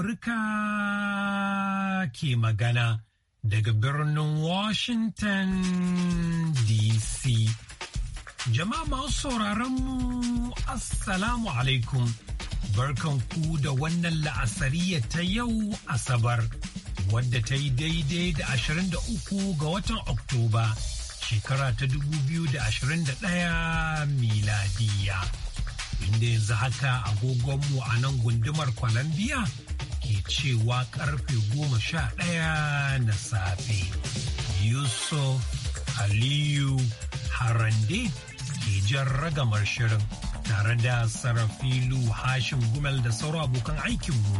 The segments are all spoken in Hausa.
Amurka ke magana daga birnin Washington DC. Jama'a masu mu Assalamu alaikum. Barkanku da wannan la'asariya ta yau Asabar, wadda ta yi daidai da 23 ga watan Oktoba, shekara ta 2021 miladiya. Inda yanzu haka agogonmu a nan gundumar Colombia ke cewa karfe goma sha ɗaya na safe. Yusuf Aliyu Harande ke jan ragamar shirin tare da Sarafilu hashin Gumel da sauro abokan aikinmu.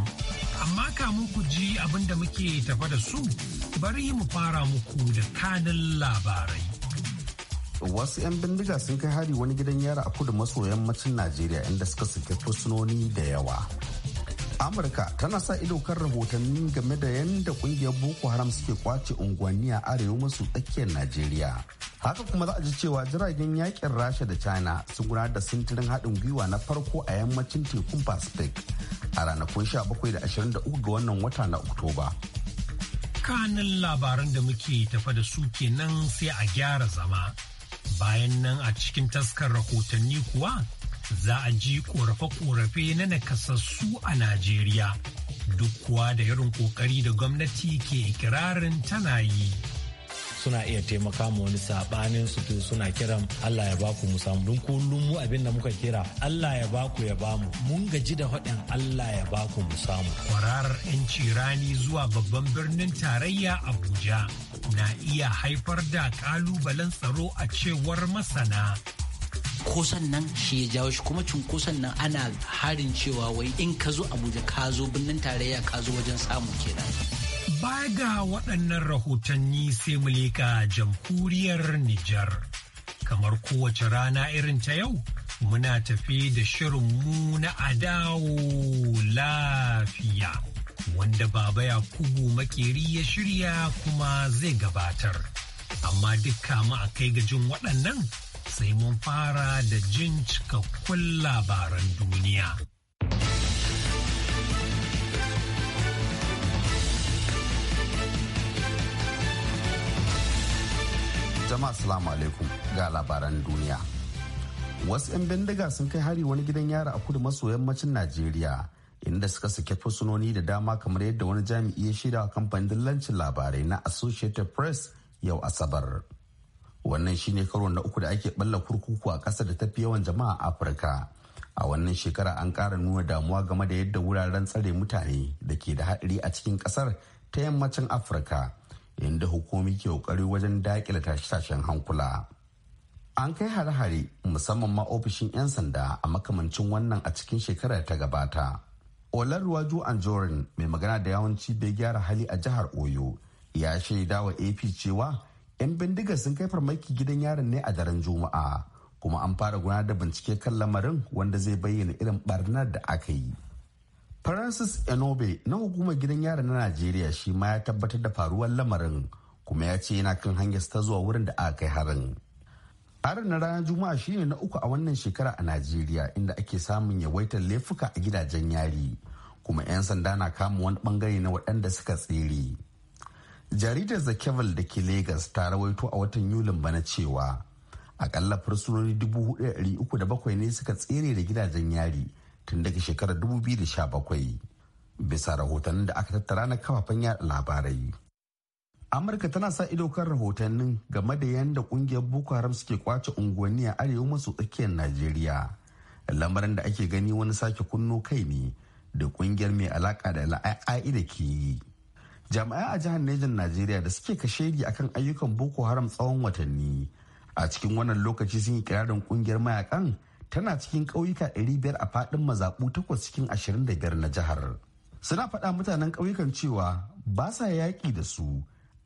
Amma kamun ku ji abin da muke tafa da su bari mu fara muku da kanin labarai. wasu 'yan bindiga sun kai hari wani gidan yara a kudu maso yammacin najeriya inda suka saki fursunoni da yawa amurka tana sa ido kan rahotanni game da yadda kungiyar boko haram suke kwace unguwanni a arewa masu tsakiyar najeriya haka kuma za a ji cewa jiragen yakin rasha da china sun gudanar da sintirin haɗin gwiwa na farko a yammacin tekun pacific a ranakun 17 da 23 ga wannan wata na oktoba kanin labaran da muke tafa da su kenan sai a gyara zama bayan nan a cikin taskar rahotanni kuwa za a ji korafe-korafe na nakasassu a Najeriya. Duk kuwa da yarin kokari da gwamnati ke ikirarin tana yi. suna iya taimaka ma wani saɓanin su to suna kiran Allah ya baku mu samu don kullum mu abin da muka kira Allah ya baku ya bamu mun gaji da faɗin Allah ya baku mu samu kwararar yanci rani zuwa babban birnin tarayya Abuja na iya haifar da kalubalen tsaro a cewar masana Ko sannan, shi ya jawo shi kuma cunkoson nan ana harin cewa wai in ka zo abuja ka zo birnin tarayya ka zo wajen samu kenan Ba ga waɗannan rahotanni sai mu leƙa jamhuriyar nijar kamar kowace rana irin ta yau muna tafi da shirin mu na adawo lafiya wanda baba ya kubu makeri ya shirya kuma zai gabatar amma dukka mu a kai ga jin waɗannan sai mun fara da jin cikakkun labaran duniya. Jama'a salamu alaikum ga labaran duniya. Wasu 'yan bindiga sun kai hari wani gidan yara a kudu maso yammacin Najeriya inda suka sake fursunoni da dama kamar yadda wani jami'i ya shirya kamfanin dillancin labarai na Associated Press yau Asabar. wannan shine karo na uku da ake balla kurkuku a ƙasa da tafi yawan jama'a afirka a wannan shekara an ƙara nuna damuwa game da yadda wuraren tsare mutane da ke da haɗari a cikin ƙasar ta yammacin afirka inda hukumi ke ƙoƙari wajen daƙile tashe-tashen hankula an kai hare-hare musamman ma ofishin 'yan sanda a makamancin wannan a cikin shekarar ta gabata olarwaju anjorin mai magana da yawanci bai gyara hali a jihar oyo ya shaida wa ap cewa 'yan bindigar sun kai farmaki gidan yaron ne a daren juma'a kuma an fara gudanar da bincike kan lamarin wanda zai bayyana irin barnar da aka yi francis enobe na hukumar gidan yaron na najeriya shi ma ya tabbatar da faruwar lamarin kuma ya ce yana kan hanyar ta zuwa wurin da aka kai harin harin na ranar juma'a shine na uku a wannan shekara a najeriya inda ake samun yawaitar laifuka a gidajen yari kuma 'yan sanda na kama wani bangare na waɗanda suka tsere. jaridar the keval da ke Legas ta rawaito a watan yulin bana cewa akalla fursunoni 4,307 ne suka tsere da gidajen yari tun daga shekarar 2017 bisa rahoton da aka tattara na kafafen yada labarai amurka tana sa ido kan rahotannin game da yadda kungiyar boko haram suke kwace unguwanni a arewa maso tsakiyar najeriya lamarin da ake gani wani sake kunno kai ne da kungiyar mai alaka da la'a'a'i da ke yi jami'ai a jihar Nejan Najeriya da suke kashegi akan ayyukan Boko Haram tsawon watanni a cikin wannan lokaci sun yi kirarin kungiyar mayakan tana cikin ƙauyuka biyar a faɗin mazaɓu takwas cikin ashirin biyar na jihar. Suna faɗa mutanen ƙauyukan cewa ba sa yaƙi da su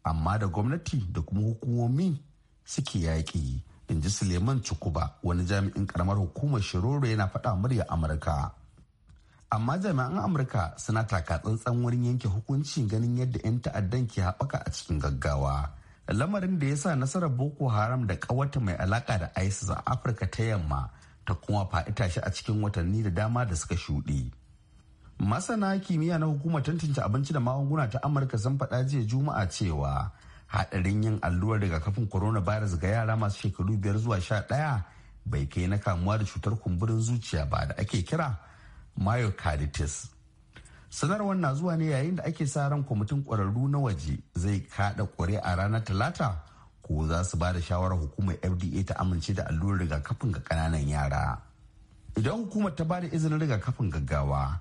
amma da gwamnati da kuma hukumomi suke yaƙi. in ji Suleiman Cukuba wani jami'in ƙaramar hukumar Shiroro yana faɗa murya Amurka. amma jami'an amurka suna taka tsantsan wurin yanke hukuncin ganin yadda 'yan ta'addan ke haɓaka a cikin gaggawa lamarin da ya sa nasarar boko haram da ƙawata mai alaƙa da isis a afirka ta yamma ta kuma faɗi shi a cikin watanni da dama da suka shuɗe masana kimiyya na hukumar tantance abinci da magunguna ta amurka sun faɗa jiya juma'a cewa haɗarin yin allurar corona coronavirus ga yara masu shekaru biyar zuwa sha ɗaya bai kai na kamuwa da cutar kumburin zuciya ba da ake kira myocarditis sanarwar na zuwa ne yayin da ake sa ran kwamitin ƙwararru na waje zai kaɗa ƙware a ranar talata ko za su ba da shawarar hukumar fda ta amince da allurar rigakafin ga ƙananan yara idan hukumar ta ba da izinin rigakafin gaggawa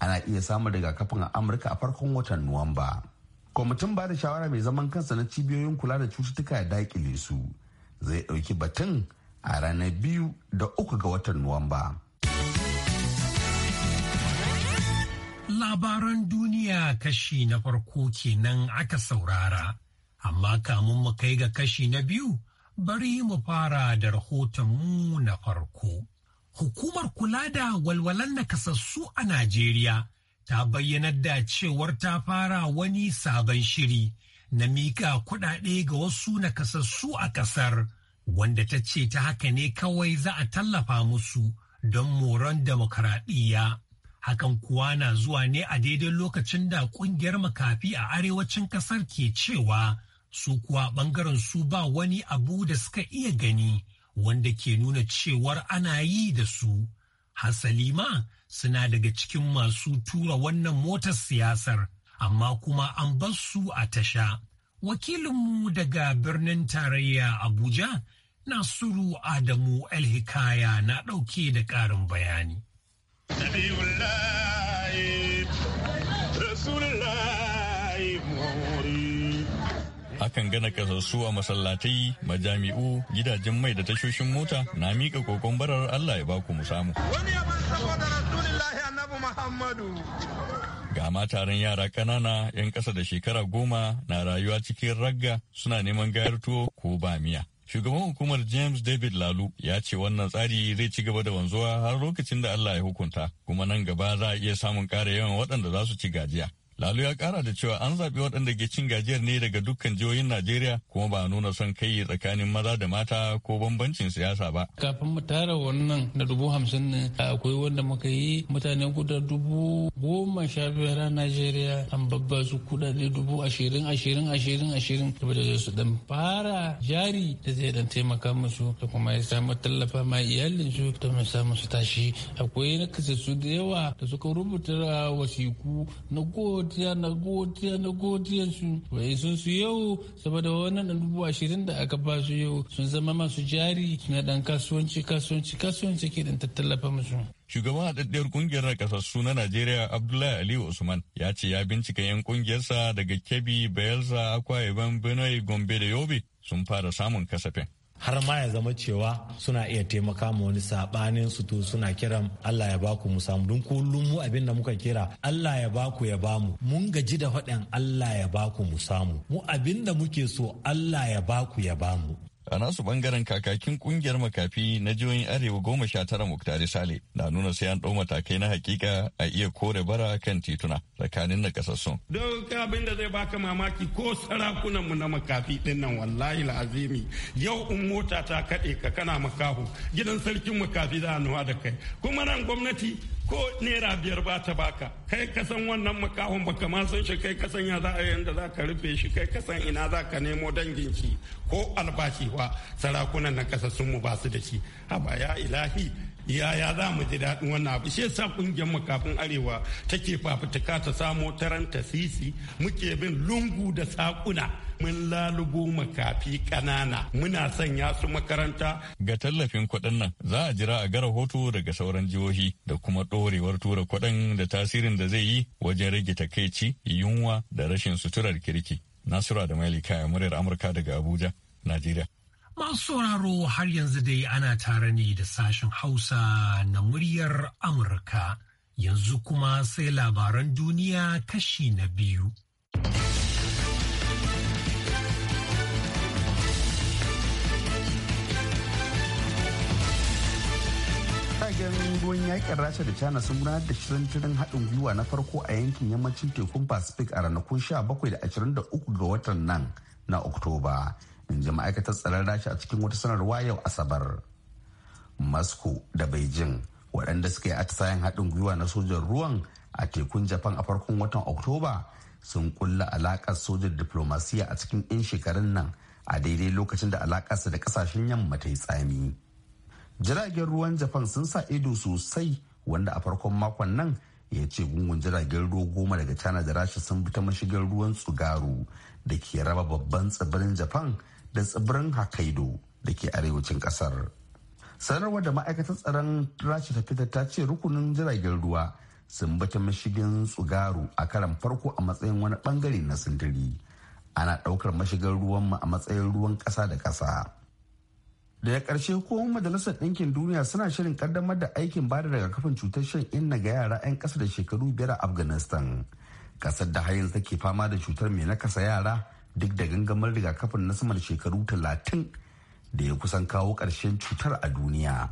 ana iya samun rigakafin a amurka a farkon watan nuwamba kwamitin ba da shawara mai zaman kansa na cibiyoyin kula da cututtuka ya daƙile su zai ɗauki batun a ranar biyu da uku ga watan nuwamba Labaran duniya kashi na farko kenan aka saurara, amma kamun mu kai ga kashi na biyu bari mu fara da rahoton mu na farko. Hukumar kula da walwalan nakasassu a Najeriya ta bayyanar da cewar ta fara wani sabon shiri na mika kuɗaɗe ga wasu nakasassu a ƙasar, wanda ta ce ta haka ne kawai za a tallafa musu don moron demokaradiyya. Hakan kuwa na zuwa ne a daidai lokacin da kungiyar makafi a arewacin kasar ke cewa su kuwa bangaren su ba wani abu da suka iya gani wanda ke nuna cewar ana yi da su. Hasali ma suna daga cikin masu tura wannan motar siyasar, amma kuma an bar su a tasha. Wakilinmu daga birnin tarayya Abuja, Nasiru Adamu L. Hikaya na ɗauke da ƙarin bayani. akan gana kasassu a masallatai majami'u gidajen mai da tashoshin mota na miƙa kokon barar Allah ya ba ku musamu. Wani ya saboda Rasulullahi Annabi Muhammadu. Ga mataren taron yara ƙanana 'yan ƙasa da shekara goma na rayuwa cikin ragga suna neman gayar tuwo ko ba miya. Shugaban hukumar James David Lalu ya ce wannan tsari zai ci gaba da wanzuwa har lokacin da Allah ya hukunta, kuma nan gaba za a iya samun ƙara yawan waɗanda za su ci gajiya. Lalu ya kara da cewa an zaɓi waɗanda ke cin gajiyar ne daga dukkan jihohin Najeriya kuma ba nuna son kai tsakanin maza da mata ko bambancin siyasa ba. Kafin mu tara wannan da dubu hamsin ne akwai wanda muka yi mutane guda dubu goma sha biyar a Najeriya an babba su kuɗaɗe dubu ashirin ashirin ashirin ashirin da su dan fara jari da zai dan taimaka musu da kuma ya samu tallafa ma iyalin su da mu samu su tashi akwai na da yawa da suka rubuta wasiku na go godiya na godiya na godiya su wai sun su yau saboda wannan dan dubu ashirin da aka ba su yau sun zama masu jari na dan kasuwanci kasuwanci kasuwanci ke dan tattallafa musu Shugaban haɗaɗɗiyar ƙungiyar nakasassu na Najeriya Abdullahi Aliyu Usman ya ce ya bincika 'yan ƙungiyarsa daga Kebbi, Bayelsa, Akwa Ibom, Benue, Gombe da Yobe sun fara samun kasafin. har ma ya zama cewa suna iya taimaka ma wani sabanin su to suna kiran Allah ya baku mu samu don kullum mu abin da muka kira Allah ya baku ya bamu mun gaji da faɗin Allah ya baku mu samu mu abin da muke so Allah ya baku ya bamu A nasu bangaren kakakin kungiyar makafi na jihohin Arewa goma sha tara Muktari Sale na nuna sai an ɗau matakai na hakika a iya kore bara kan tituna tsakanin na kasassun. Duk abin da zai baka mamaki ko sarakunanmu na makafi ɗin nan wallahi la'azimi yau in mota ta kaɗe ka kana makaho gidan sarkin makafi za a nuwa da kai. Kuma nan gwamnati ko nera biyar ba ta baka kai kasan wannan makahon ba ma san shi kai kasan ya za a yanda za ka rufe shi kai kasan ina za ka nemo shi ko albashi wa sarakunan na kasassun mu ba su da shi haba ya ilahi yaya za mu ji daɗin wannan abu shi yasa kungiyar mu kafin arewa take fafutuka ta samo taranta sisi muke bin lungu da sakuna mun lalubo makafi ƙanana muna sanya su makaranta ga tallafin kuɗin nan za a jira a ga rahoto daga sauran jihohi da kuma ɗorewar tura kuɗin da tasirin da zai yi wajen rage takaici yunwa da rashin suturar kirki nasura da mailika kaya muryar amurka daga abuja najeriya Masu sauraro har yanzu dai ana tare ne da sashen Hausa na muryar Amurka. Yanzu kuma sai labaran duniya kashi na biyu. jiragen ruwan yaƙin rasha da china sun gudanar da shirin haɗin gwiwa na farko a yankin yammacin tekun pacific a ranakun 17 da 23 ga watan nan na oktoba in ji ma'aikatar tsaron rasha a cikin wata sanarwa yau asabar moscow da beijing waɗanda suka yi atisayen haɗin gwiwa na sojan ruwan a tekun japan a farkon watan oktoba sun kulla alaƙar sojan diplomasiya a cikin 'yan shekarun nan a daidai lokacin da alaƙarsa da ƙasashen yamma ta yi tsami jiragen ruwan japan sun sa ido sosai wanda a farkon makon nan ya ce gungun jiragen ruwa goma daga china da rasha sun bi ta mashigar ruwan tsugaru da ke raba babban tsibirin japan da tsibirin hakaido da ke arewacin kasar. Sanarwar da ma'aikatar tsaron Rasha ta fitar ta ce rukunin jiragen ruwa sun bata mashigin tsugaru a karan farko a matsayin wani bangare na sindiri. Ana ɗaukar mashigar ruwan mu a matsayin ruwan ƙasa da ƙasa. ya ƙarshe hukumar majalisar ɗinkin duniya suna shirin ƙaddamar da aikin bada kafin cutar shan inna ga yara 'yan ƙasa da shekaru biyar a Afghanistan. Ƙasar da har yanzu take fama da cutar mai nakasa yara duk da gangamar rigakafin na sama shekaru talatin da ya kusan kawo ƙarshen cutar a duniya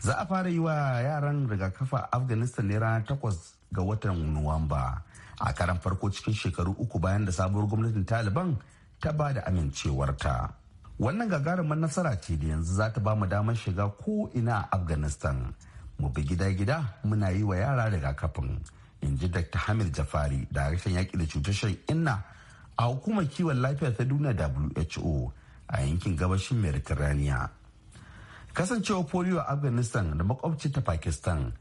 za a fara yi wa yaran rigakafa afghanistan ne ranar takwas ga watan nuwamba a karan farko cikin shekaru uku bayan da sabuwar gwamnatin taliban ta ba da amincewarta wannan gagarumar nasara ce da yanzu za ta ba mu damar shiga ko ina a afghanistan mu bi gida-gida muna yi wa yara rigakafin in ji dr hamid jafari da harshen yaƙi da cutar shan inna a hukumar kiwon lafiya ta duniya who a yankin gabashin mediterranean kasancewar polio a afghanistan da makwabci ta pakistan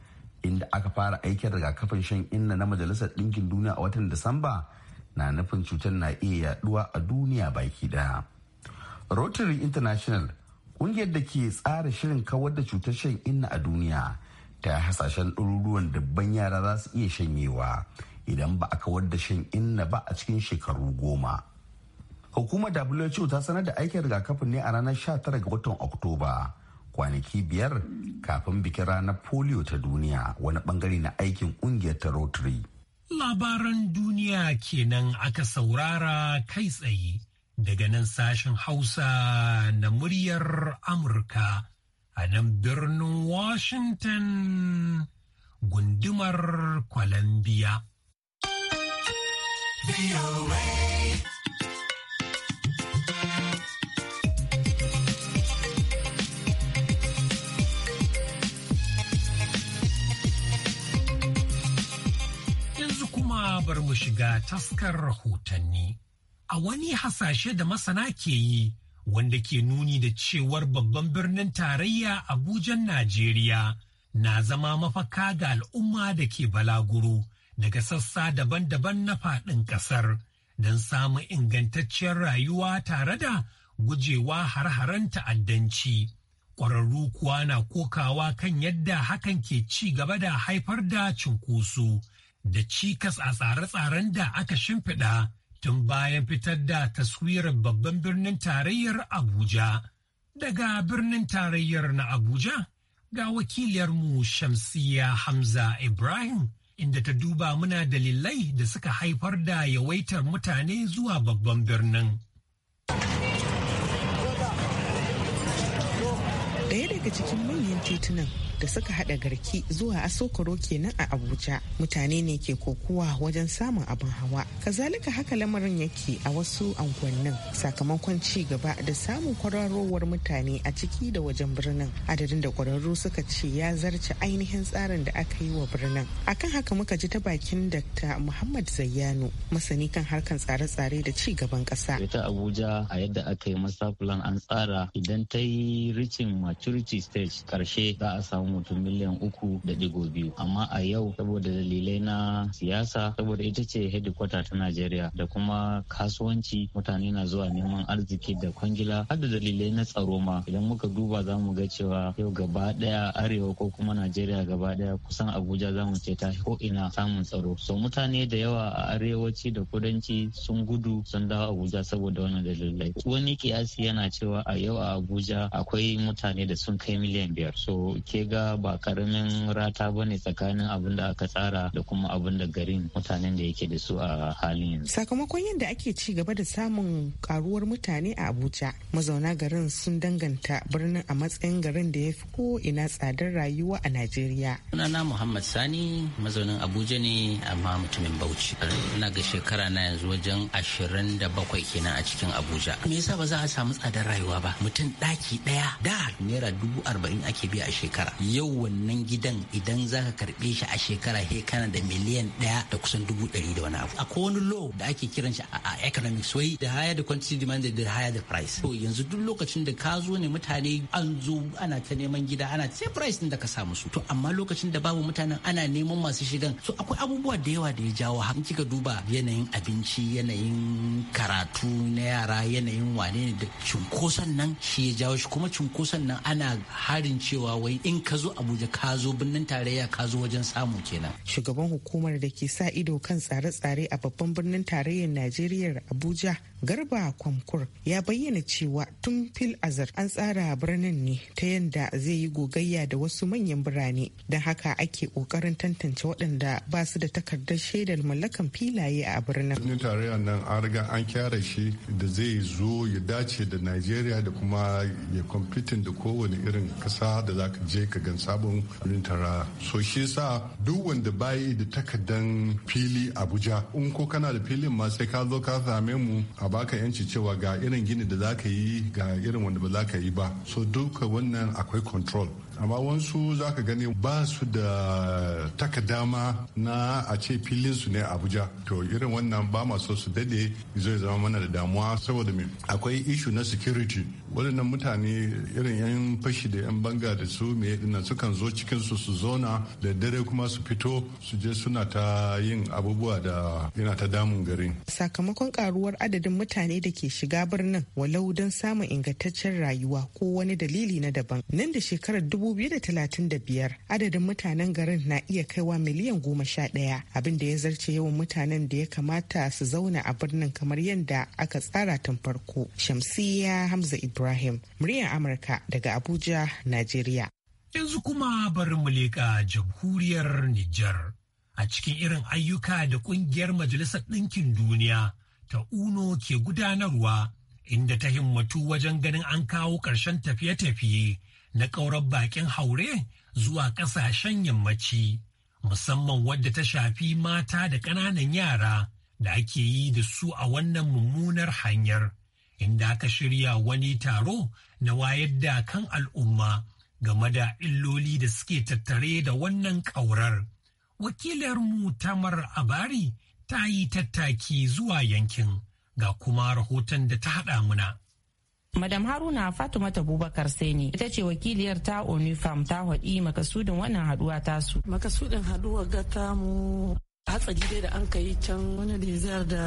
inda aka fara aikin rigakafin shan inna na majalisar ɗinkin duniya a watan disamba na nufin cutar na iya yaduwa a duniya baki daya rotary international kungiyar da ke tsara shirin kawar da cutar shan inna a duniya ta hasashen ɗaruruwan dubban yara za su iya shanyewa idan ba a kawar da shan inna ba a cikin shekaru goma. Hukumar WHO ta sanar da aikin rigakafin ne a ranar 19 ga watan Oktoba kwanaki biyar kafin bikin ranar polio ta duniya wani bangare na aikin kungiyar ta Rotary. Labaran duniya kenan aka saurara kai tsaye daga nan sashen Hausa na muryar Amurka a nan birnin Washington gundumar Columbia. Yanzu kuma bar mu shiga taskar rahotanni. A wani hasashe da masana ke yi wanda ke nuni da cewar babban birnin tarayya Abuja Najeriya na zama mafaka ga al'umma da ke balaguro daga sassa daban-daban na faɗin ƙasar don samun ingantacciyar rayuwa tare da gujewa har-haren ta'addanci. Ƙwararru kuwa na kokawa kan yadda hakan ke ci gaba da haifar da cunkoso da cikas a tsare-tsaren da aka shimfiɗa tun bayan fitar da taswirar babban birnin tarayyar Abuja. Daga birnin tarayyar na Abuja ga wakiliyarmu Shamsiya Hamza Ibrahim inda ta duba muna dalilai da suka haifar da yawaitar mutane zuwa babban birnin. Daya daga cikin manyan titunan da suka hada garki zuwa asokoro kenan a abuja mutane ne ke kokuwa wajen samun abin hawa kazalika haka lamarin yake a wasu anguwannin sakamakon ci gaba da samun kwararowar mutane a ciki da wajen birnin adadin da kwararru suka ce ya zarce ainihin tsarin da aka yi wa birnin akan haka muka ji ta bakin dr muhammad zayyano masani kan harkan tsare-tsare da ci gaban kasa ta abuja a yadda aka yi masa an tsara idan ta yi maturity stage karshe za a samu mutum miliyan uku da digo biyu amma a yau saboda dalilai na siyasa saboda ita ce hedikwata ta najeriya da kuma kasuwanci mutane na zuwa neman arziki da kwangila har da dalilai na tsaro ma idan muka duba za mu ga cewa yau gaba daya arewa ko kuma najeriya gaba daya kusan abuja za mu ce ta ko ina samun tsaro so mutane da yawa a arewaci da kudanci sun gudu sun dawo abuja saboda wannan dalilai wani kiyasi yana cewa a yau a abuja akwai mutane da sun kai miliyan biyar so ke ga ba karamin rata ba ne tsakanin abin da aka tsara da kuma abin da garin mutanen da yake da su a halin yanzu. Sakamakon yadda ake ci gaba da samun karuwar mutane a Abuja, mazauna garin sun danganta birnin a matsayin garin da ya fi ko ina tsadar rayuwa a Najeriya. Sunana Muhammad Sani mazaunin Abuja ne amma mutumin Bauchi. Ina ga shekara na yanzu wajen ashirin da bakwai kenan a cikin Abuja. Me yasa ba za a samu tsadar rayuwa ba? Mutum ɗaki ɗaya da naira dubu arba'in ake biya a shekara. yau wannan gidan idan za ka karɓe shi a shekara he kana da miliyan daya da kusan dubu ɗari da wani abu akwai wani law da ake kiran shi a economic wai da higher da quantity demand the higher the price to yanzu duk lokacin da ka zo ne mutane an zo ana ta neman gida ana sai price din da ka samu su to amma lokacin da babu mutanen ana neman masu shigan to akwai abubuwa da yawa da ya jawo har kika duba yanayin abinci yanayin karatu na yara yanayin wane ne da cunkoson nan shi ya jawo shi kuma cunkoson nan ana harin cewa wai in ka zo abuja ka zo birnin tarayya ka zo wajen samu kenan shugaban hukumar da ke sa ido kan tsare-tsare a babban birnin tarayyar najeriya abuja garba kwamkur ya bayyana cewa tun fil azar an tsara birnin ne ta yadda zai yi gogayya da wasu manyan birane don haka ake kokarin tantance waɗanda ba su da takardar shaidar mallakan filaye a birnin birnin tarayya nan an riga an kyara shi da zai zo ya dace da najeriya da kuma ya kwamfitin da kowane irin kasa da za ka je ka gan sabon rintara so shi sa duk wanda bayi da takardan fili abuja in ko kana da filin ma sai ka zo ka same mu a baka yanci cewa ga irin gini da zaka yi ga irin wanda ba za ka yi ba so duka wannan akwai control amma wansu za ka gani ba su da takadama na a ce filin su ne abuja to irin wannan ba masu su dade zai zama mana da damuwa saboda me akwai ishu na security waɗannan mutane irin 'yan fashi da 'yan banga da su mai dinnan sukan zo cikinsu su zauna da dare kuma su fito su je suna ta yin abubuwa da yana ta damun garin. Sakamakon karuwar adadin mutane da ke shiga birnin walau don samun ingantaccen rayuwa ko wani dalili na daban. Nan da shekarar dubu biyu da da talatin biyar adadin mutanen garin na iya kaiwa miliyan goma sha ɗaya abin da ya zarce yawan mutanen da ya kamata su zauna a birnin kamar yadda aka tsara tun farko. Shamsiya Hamza Ibrahim. Ibrahim, muryar Amurka daga Abuja, Najeriya. Yanzu kuma bari mu leƙa jamhuriyar Nijar a cikin irin ayyuka da ƙungiyar Majalisar Ɗinkin Duniya ta UNO ke gudanarwa inda ta himmatu wajen ganin an kawo ƙarshen tafiye-tafiye na ƙaurar bakin haure zuwa ƙasashen yammaci, musamman wadda ta shafi mata da ƙananan yara da ake yi da su a wannan mummunar hanyar. inda aka shirya wani taro na wayar da kan al'umma game da illoli da suke tattare da wannan ƙaurar. Wakilarmu Tamar Abari ta yi tattaki zuwa yankin ga kuma rahoton da ta haɗa muna. Madam Haruna Fatimata Abubakar ne ita ce wakiliyar ta Onifam ta haɗi makasudin wannan haɗuwa tasu. Makasudin haɗuwa ga tamu hatsari dai da an ka yi can wani rizar da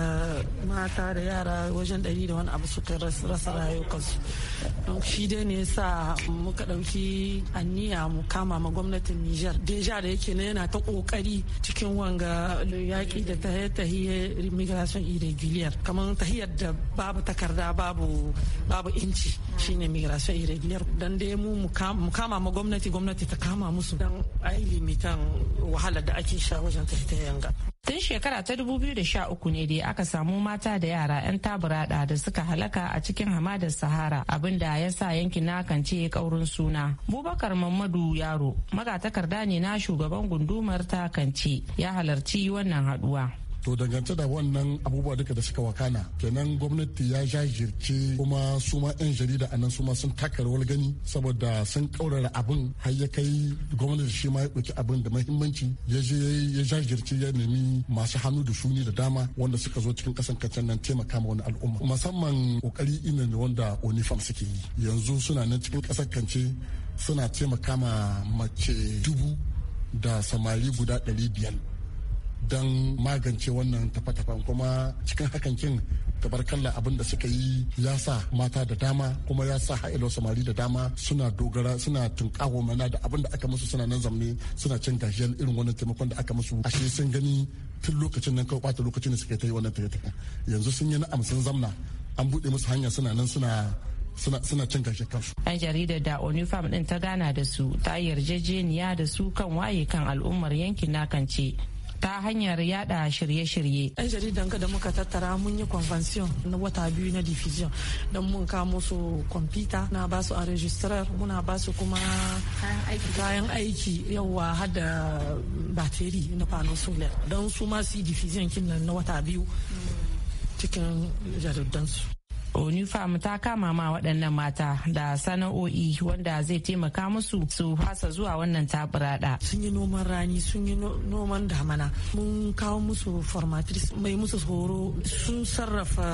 mata da yara wajen ɗari da wani abu suka rasa rayukansu don shi dai ne sa muka ɗauki aniya mu kama ma gwamnatin nijar deja da yake na yana ta ƙoƙari cikin wanga yaƙi da tahiyar migration irregular kamar tahiyar da babu takarda babu babu inci shine migration irregular dan dai mu kama ma gwamnati gwamnati ta kama musu dan ai limitan wahalar da ake sha wajen tahiyar Tun shekara ta 2013 ne dai aka samu mata da yara 'yan taburada da suka halaka a cikin hamadar Sahara abin da ya sa yankin na kance kaurin suna. Bubakar Mamadu Yaro magatakarda ne na shugaban gundumar ta kance ya halarci wannan haduwa. to dangance da wannan abubuwa duka da suka wakana kenan gwamnati ya jajirce kuma su ma 'yan jarida a nan su ma sun taka rawar gani saboda sun kaurara abin har ya kai gwamnati shi ma ya ɗauki abin da mahimmanci ya je ya jajirce ya nemi masu hannu da shuni da dama wanda suka zo cikin kasan kacan nan taimaka ma wani al'umma musamman kokari ina ne wanda onifam suke yi yanzu suna nan cikin kasar kance suna taimaka ma mace dubu da samari guda ɗari biyar don magance wannan tafa-tafan kuma cikin hakan kin tabarkalla abin da suka yi ya sa mata da dama kuma ya sa ha'ilo samari da dama suna dogara suna tunƙawo mana da abin da aka musu suna nan zamne suna cin gajiyar irin wannan taimakon da aka musu ashe sun gani tun lokacin nan kawai bata lokacin da suka yi ta yi wannan tafiye yanzu sun yi na'am sun zamna an buɗe musu hanya suna nan suna suna suna cin gashin kansu. Yan jaridar da Onifam din ta gana da su ta yarjejeniya da su kan waye kan al'ummar yankin kance ta hanyar yada shirye-shirye. Ɗan jaridan ka da muka tattara mun yi convention na wata biyu na division don mun kamo su computer na basu a registrar muna basu su kuma kayan aiki yawa har da bateri na panel solar don su ma su diffusion kin na wata biyu cikin jaridansu. onifam ta kama ma waɗannan mata da sana'o'i wanda zai taimaka musu su fasa zuwa wannan taburada sun yi noman rani sun yi noman damana mun kawo musu formatrice mai musu horo sun sarrafa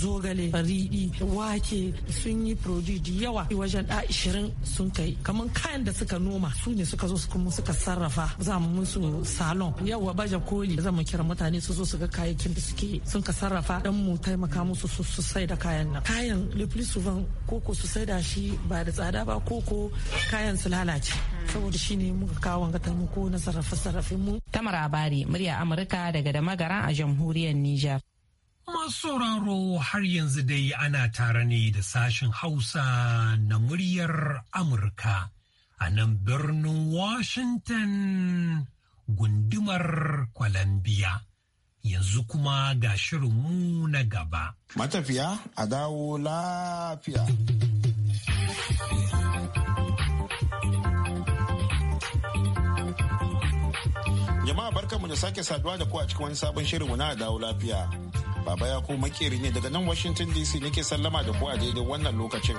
zogale riɗi wake sun yi produce yawa wajen da ishirin sun kai kamar kayan da suka noma su ne suka zo suka sarrafa za mu musu salon yawa baje koli za mu kira mutane su zo su ga kayayyakin da suke sun ka sarrafa dan mu taimaka musu su da kayan nan kayan plus souvent koko su saida shi ba da tsada ba koko kayan su lalace saboda shi ne muka kawo ga taimako ko na sarrafa sarrafin mu tamara bari murya amurka daga da magara a jamhuriyar niger masu sauraro har yanzu dai ana tare ne da sashen hausa na muryar amurka a nan birnin washington gundumar columbia yanzu kuma ga shirinmu na gaba. Matafiya a dawo lafiya. Jama'a barkanmu da sake saduwa da ku a cikin wani sabon shirinmu na a dawo lafiya. Baba ya ko makeri ne daga nan Washington DC nake sallama da ku a daidai wannan lokacin.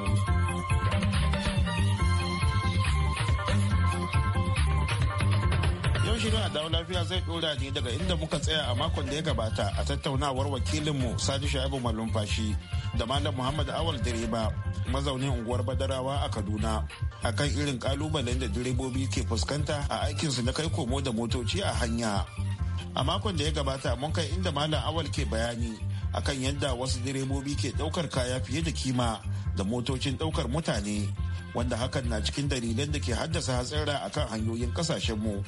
shirin a dawo lafiya zai dora ne daga inda muka tsaya a makon da ya gabata a tattaunawar wakilinmu sadi sha'ibu malumfashi da malam muhammad awal direba mazaunin unguwar badarawa a kaduna akan irin kalubalen da direbobi ke fuskanta a aikinsu na kai komo da motoci a hanya a makon da ya gabata mun kai inda malam awal ke bayani a kan yadda wasu direbobi ke daukar kaya fiye da kima da motocin daukar mutane wanda hakan na cikin dalilan da ke haddasa hatsara akan hanyoyin kasashenmu mu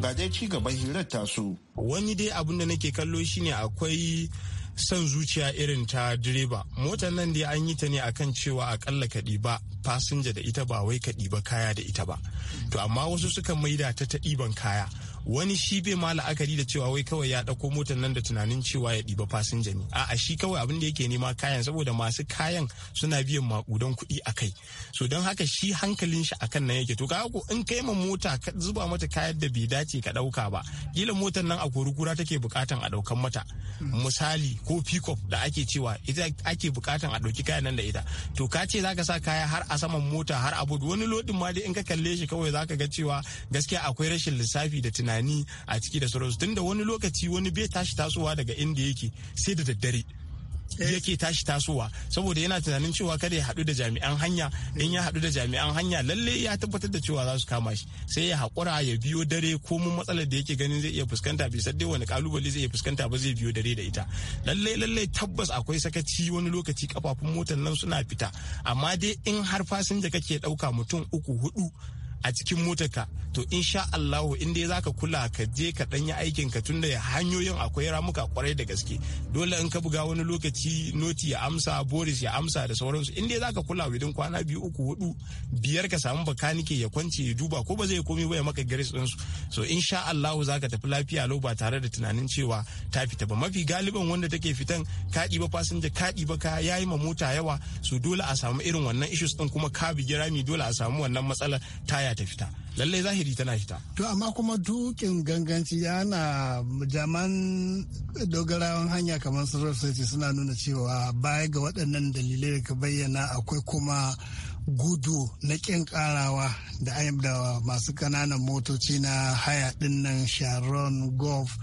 ga dai ci gaban hirar tasu wani dai abun da nake kallo shine akwai son zuciya irin ta direba motar nan dai an yi ta ne akan cewa akalla ka ɗiba fasinja da ita ba wai ka ɗiba kaya da ita ba to amma wasu suka maida ta ta ɗiban kaya wani shi bai ma la'akari da cewa wai kawai ya ɗauko motar nan da tunanin cewa ya ɗiba fasinja ne a'a shi kawai abin da yake nema kayan saboda masu kayan suna biyan makudan kuɗi a kai so don haka shi hankalin shi akan nan yake to kaga ko in kai ma mota ka zuba mata kayan da bai dace ka ɗauka ba kila motar nan a kura take bukatan a ɗaukan mata misali ko pickup da ake cewa ita ake bukatan a ɗauki kayan nan da ita to ka ce zaka sa kaya har a saman mota har abu wani lodin ma dai in ka kalle shi kawai zaka ga cewa gaskiya akwai rashin lissafi da tunani tunani a ciki da sauransu tunda wani lokaci wani bai tashi tasowa daga inda yake sai da daddare eh. yake tashi tasowa saboda yana tunanin cewa kada ya haɗu da jami'an hanya in ya haɗu da jami'an hanya lalle ya tabbatar da cewa za su kama shi sai ya haƙura ya biyo dare ko mun matsalar da yake ganin zai iya fuskanta bai san dai wani kalubale zai iya fuskanta ba zai biyo dare da ita lalle lalle tabbas akwai sakaci wani lokaci kafafun motar nan suna fita amma dai in har fasinja kake ɗauka mutum uku hudu a cikin motarka to insha Allah in dai zaka kula ka je ka ɗan yi aikin ka tunda hanyoyin akwai ramuka kwarai da gaske dole in ka buga wani lokaci noti ya amsa boris ya amsa da sauransu in dai zaka kula wajen kwana biyu uku hudu biyar ka samu bakanike ya kwance ya duba ko ba zai komai ba ya maka garis din su so insha Allah zaka tafi lafiya lau ba tare da tunanin cewa ta fita ba mafi galiban wanda take fitan ka ba fasinja ka ba ka yayi ma mota yawa su dole a samu irin wannan issues din kuma ka bigi rami dole a samu wannan matsalar taya ta fita lallai zahiri tana fita to amma kuma dukin ganganci yana jaman dogarawan hanya kamar su suna nuna cewa baya ga waɗannan dalilai da ka bayyana akwai kuma gudu na ƙin ƙarawa da da masu ƙananan motoci na haya ɗinnan sharon golf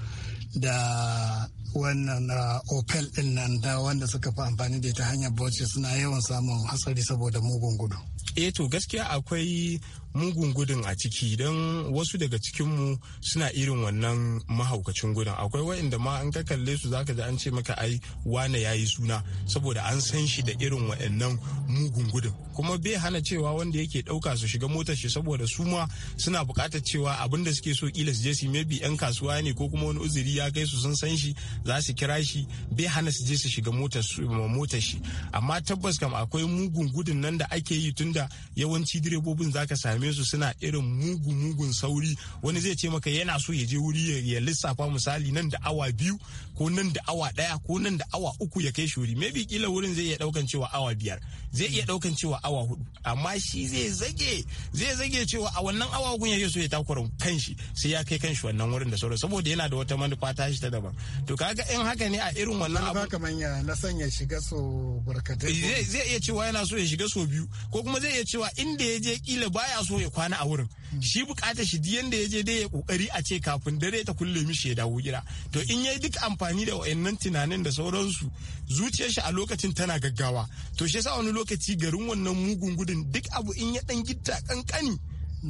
da wannan uh, opel din nan da wanda suka fi amfani da ita hanyar bauchi suna yawan samun hatsari saboda mugun gudu. eh to gaskiya akwai mugun gudun a ciki don wasu daga cikinmu suna irin wannan mahaukacin gudun akwai wa'inda ma an ka kalle su zaka ji an ce maka ai wane ya yi suna saboda an san shi da irin wa'annan mugun gudun kuma bai hana cewa wanda yake ɗauka su shiga motar shi saboda su ma suna bukatar cewa abin da suke so kila su je su maybe yan kasuwa ne ko kuma wani uzuri ya kai su sun san shi za su kira shi bai hana su je su shiga su motar shi amma tabbas kam akwai mugun gudun nan da ake yi tunda yawanci direbobin zaka sami same su suna irin mugu mugun sauri wani zai ce maka yana so ya je wuri ya lissafa misali nan da awa biyu ko nan da awa daya ko nan da awa uku ya kai shuri maybe kila wurin zai iya daukan cewa awa biyar zai iya daukan cewa awa hudu amma shi zai zage zai zage cewa a wannan awa hukun ya so ya takura kanshi sai ya kai kanshi wannan wurin da sauran saboda yana da wata manufa ta shi ta daban to kaga in haka ne a irin wannan abu kamar manya na sanya ya shiga so barkatai zai iya cewa yana so ya shiga so biyu ko kuma zai iya cewa inda ya je kila baya so so ya kwana a wurin shi bukatar shi duk yanda ya je dai ya kokari a ce kafin dare ta kulle mishi ya dawo gida to in yayi duk amfani da wayannan tunanin da sauransu zuciyar shi a lokacin tana gaggawa to shi yasa wani lokaci garin wannan mugun gudun duk abu in ya dan gitta kankani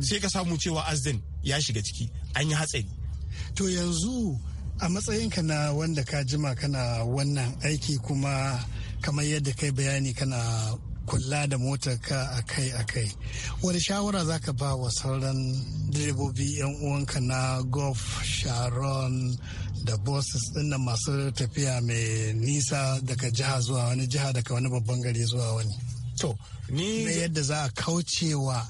sai ka samu cewa azdin ya shiga ciki an yi hatsari to yanzu a matsayinka na wanda ka jima kana wannan aiki kuma kamar yadda kai bayani kana kula da motar ka akai akai wani shawara za ka ba wa sauran direbobi 'yan uwanka na golf sharon da bosses dinnan masu tafiya mai nisa daga jiha zuwa wani jiha daga wani babban gari zuwa wani to ni yadda za a kaucewa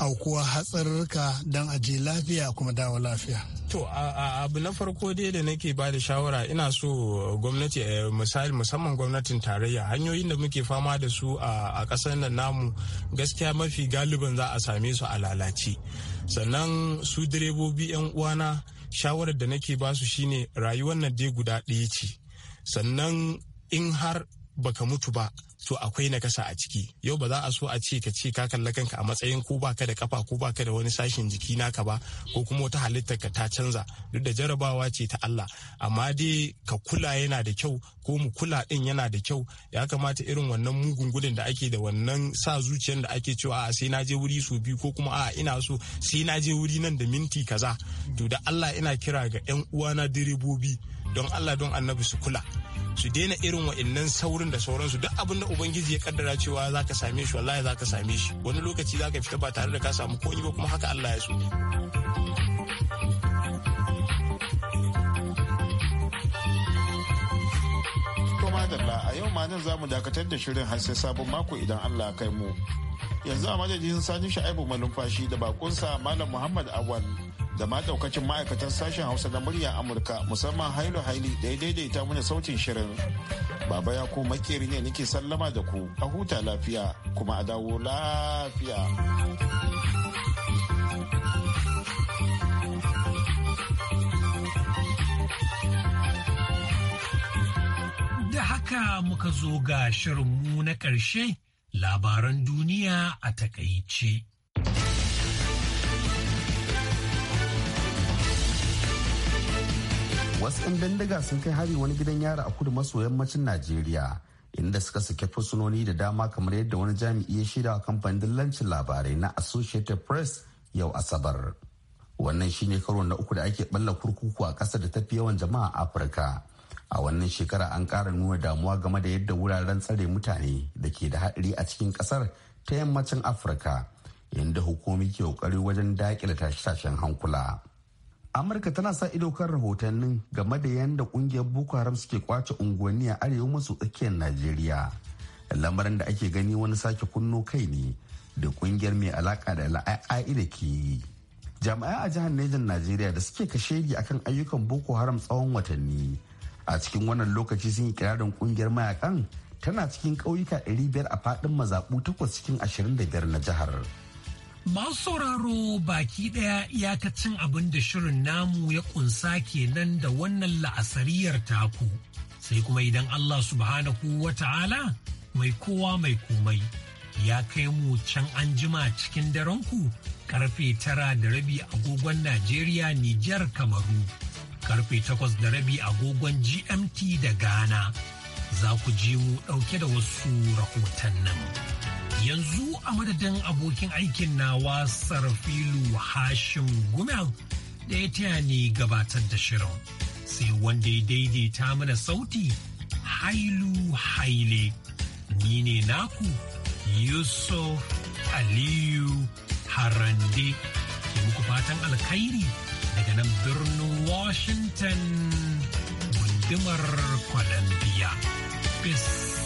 aukuwa hatsarurruka don aje lafiya kuma dawo lafiya. To abu na farko dai da nake ba da shawara ina so gwamnati eh, misali musamman gwamnatin tarayya hanyoyin da muke fama da su a ƙasar nan namu gaskiya mafi galibin za a same su a lalace. Sannan su direbobi 'yan uwana shawarar da nake ba basu shine rayuwar nan dai guda ɗaya ce. Sannan in har baka mutu ba to akwai nakasa a ciki yau ba za a so a ce ka ce ka kalla kanka a matsayin ko baka da kafa ko baka da wani sashin jiki naka ba ko kuma wata halittar ka ta canza duk da jarabawa ce ta Allah amma dai ka kula yana da kyau ko mu kula din yana da kyau ya kamata irin wannan mugun gudun da ake da wannan sa zuciyar da ake cewa a sai na je wuri su bi ko kuma a ina so sai na je wuri nan da minti kaza to da Allah ina kira ga yan uwana direbobi don Allah don annabi su kula su daina irin wa'annan saurin da sauransu duk abin da ubangiji ya kaddara cewa za ka same shi wallahi za ka same shi wani lokaci za ka fita ba tare da ka samu komai ba kuma haka Allah ya so. a yau ma nan za dakatar da shirin har sai sabon mako idan Allah ya kai mu. Yanzu a madadin sanin sha'ibu malumfashi da bakunsa Malam Muhammad Awal da ma daukacin ma'aikatan sashen hausa na murya amurka musamman hailu haili da ya daidaita mana sautin shirin baba ya ko makeri ne nake sallama da ku a huta lafiya kuma a dawo lafiya da haka muka zo ga shirinmu na ƙarshe labaran duniya a takaice. wasu 'yan bindiga sun kai hari wani gidan yara a kudu maso yammacin najeriya inda suka sake fursunoni da dama kamar yadda wani jami'i ya shirya kamfanin dillancin labarai na associated press yau asabar wannan shine karo na uku da ake balla kurkuku a ƙasa da tafi yawan jama'a a afirka a wannan shekara an ƙara nuna damuwa game da yadda wuraren tsare mutane da ke da haɗari a cikin ƙasar ta yammacin afirka inda hukumi ke ƙoƙari wajen daƙile tashe-tashen hankula amurka tana sa ido kan rahotannin game da yadda kungiyar boko haram suke kwace unguwanni a arewa maso tsakiyar najeriya lamarin da ake gani wani sake kunno kai ne da kungiyar mai alaka da la'a'i da ke yi jami'ai a jihar Nejan Najeriya da suke kashedi akan ayyukan Boko Haram tsawon watanni. A cikin wannan lokaci sun yi kirarin kungiyar mayakan tana cikin ƙauyuka 500 a faɗin mazaɓu 8 cikin 25 na jihar. Masu sauraro baki ɗaya iyakacin abin da shirin namu ya ƙunsa kenan da wannan la'asariyar taku. Sai kuma idan Allah subhanahu wa ta'ala mai kowa mai komai ya kai mu can anjima cikin darenku karfe tara da rabi agogon Najeriya Nijar Kamaru, karfe takwas da rabi agogon GMT da Ghana. za ku ji mu ɗauke da wasu rahoton nan? Yanzu a madadin abokin aikin nawa Sarfilu Hashim Gumel da ya taya ni gabatar da shirin. Sai wanda ya daidaita mana sauti Hailu Haile. Ni ne naku Yusuf Aliyu Harande. Ke muku fatan alkhairi daga nan birnin Washington. gundumar Columbia. Peace.